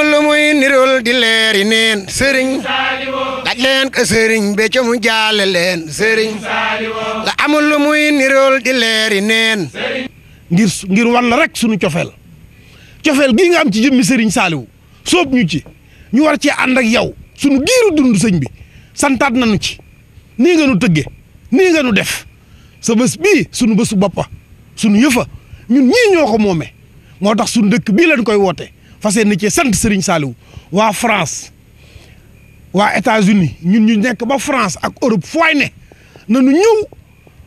amul lu muy nirul di leeri sëriñ laaj ko sëriñ be ca jaale leen sëriñ la amul lu muy nirul di leeri neen ngir ngir wan la rek suñu cofeel cofeel gii nga am ci jëmmi sëriñ saaliwu soob ñu ci ñu war cee ànd ak yow suñu giiru dund sëñ bi santaat nañu ci nii nga nu tëgge nii nga nu def sa bés bii suñu bésu boppa suñu yëfa ñun ñii ñoo ko moome moo tax suñu dëkk bii lañ koy woote fas yéene cee sant Serigne Saliou waa France waa états ñun ñu nekk ba France ak Europe fooy ne na nu ñëw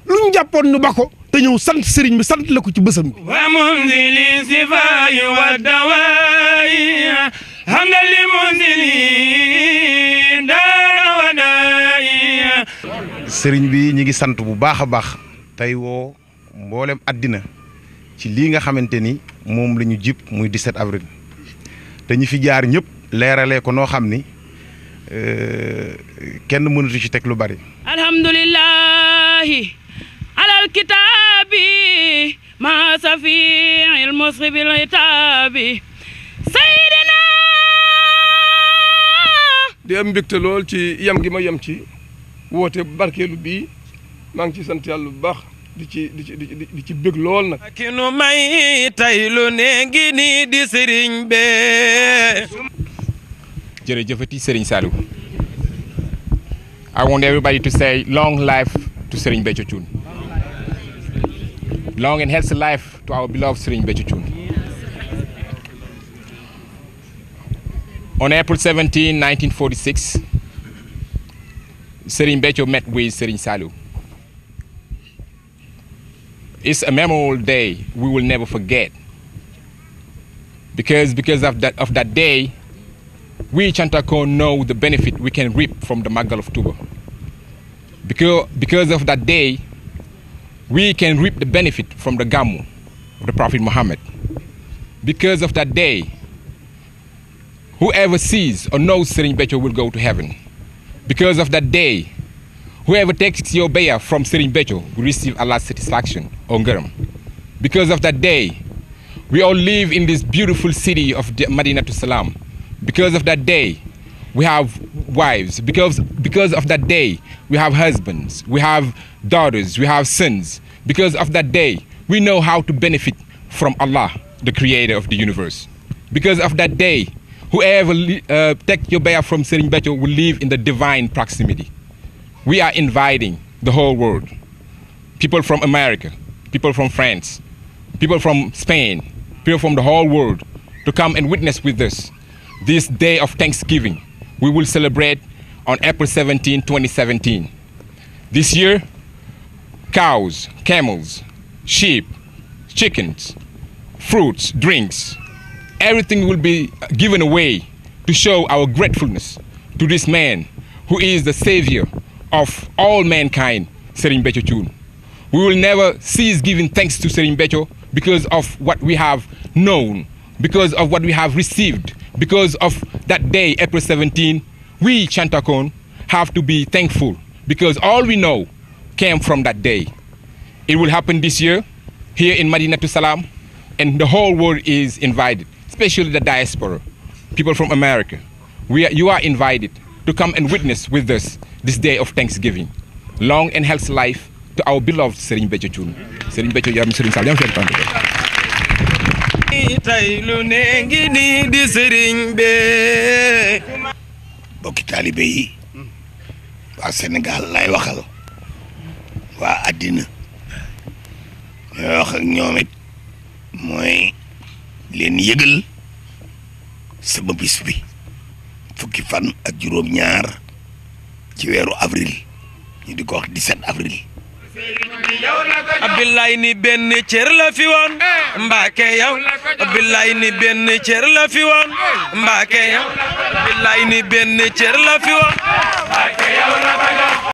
lu jàppoon nu ba ko te ñëw sant Serigne bi sant la ko ci bësam bi. wa munzili sifaayi wa dawaayi hamdan li munzili daara wa daayi. bi ñu ngi sant bu baax a baax tey woo mboolem àddina ci lii nga xamante ni moom la ñu jib muy 17 avril. te ñi fi jaar ñépp leerale ko noo xam ni euh, kenn mënatu ci teg lu bari. alhamdulilahi alal kitaabi ma safii il musribil hitaabi sayidina di am lool ci yam gi ma yem ci woote barkeelu bii maa ngi ci sant yàlla bu baax di ci di bëgg lool nag. ki nu may tey lu ne ngi nii di sëriñ be. jërëjëfati sëriñ Saliou. I want everybody to say long life to Serigne Béthio Thioune. Long and healthy life to our beloved Serigne Béthio On April 17, 1946, Serigne Béthio met with Serigne it's a memorable day we will never forget because because of that of that day we Chantako know the benefit we can reap from the Magal of Tuba because because of that day we can reap the benefit from the Gamu of the Prophet Muhammad because of that day whoever sees or knows Sering Becho will go to heaven because of that day Whoever takes your bear from Serimbecho will receive Allah's satisfaction, Ongeram. Because of that day, we all live in this beautiful city of Madinah to Salam. Because of that day, we have wives. Because, because of that day, we have husbands. We have daughters. We have sons. Because of that day, we know how to benefit from Allah, the creator of the universe. Because of that day, whoever uh, take your bear from Serimbecho will live in the divine proximity we are inviting the whole world people from America, people from France, people from Spain, people from the whole world to come and witness with us this day of Thanksgiving. We will celebrate on April 17, 2017. This year, cows, camels, sheep, chickens, fruits, drinks, everything will be given away to show our gratefulness to this man who is the savior of all mankind, Serin Becho Chun. We will never cease giving thanks to Serin Becho because of what we have known, because of what we have received, because of that day, April 17, we Chantakon have to be thankful because all we know came from that day. It will happen this year here in Madinatu Salam and the whole world is invited, especially the diaspora, people from America. We are, you are invited. to come and witness with us this day of Thanksgiving. Long and healthy life to our beloved Serigne Béthio Thioune Serigne Béthio yaram Serigne Sall yam seen tànk tey lu ne ngi nii di Serigne be bokki taalibe yi waa Sénégal lay waxal waa àddina ñooy wax ak ñoom it mooy leen yëgal sama bis bi fukki fan ak juróom-ñaar ci weeru avril ñu di ko wax 17 avril. billaay ni benn cër la fi woon mbaake yow billaay ni benn cër la fi woon la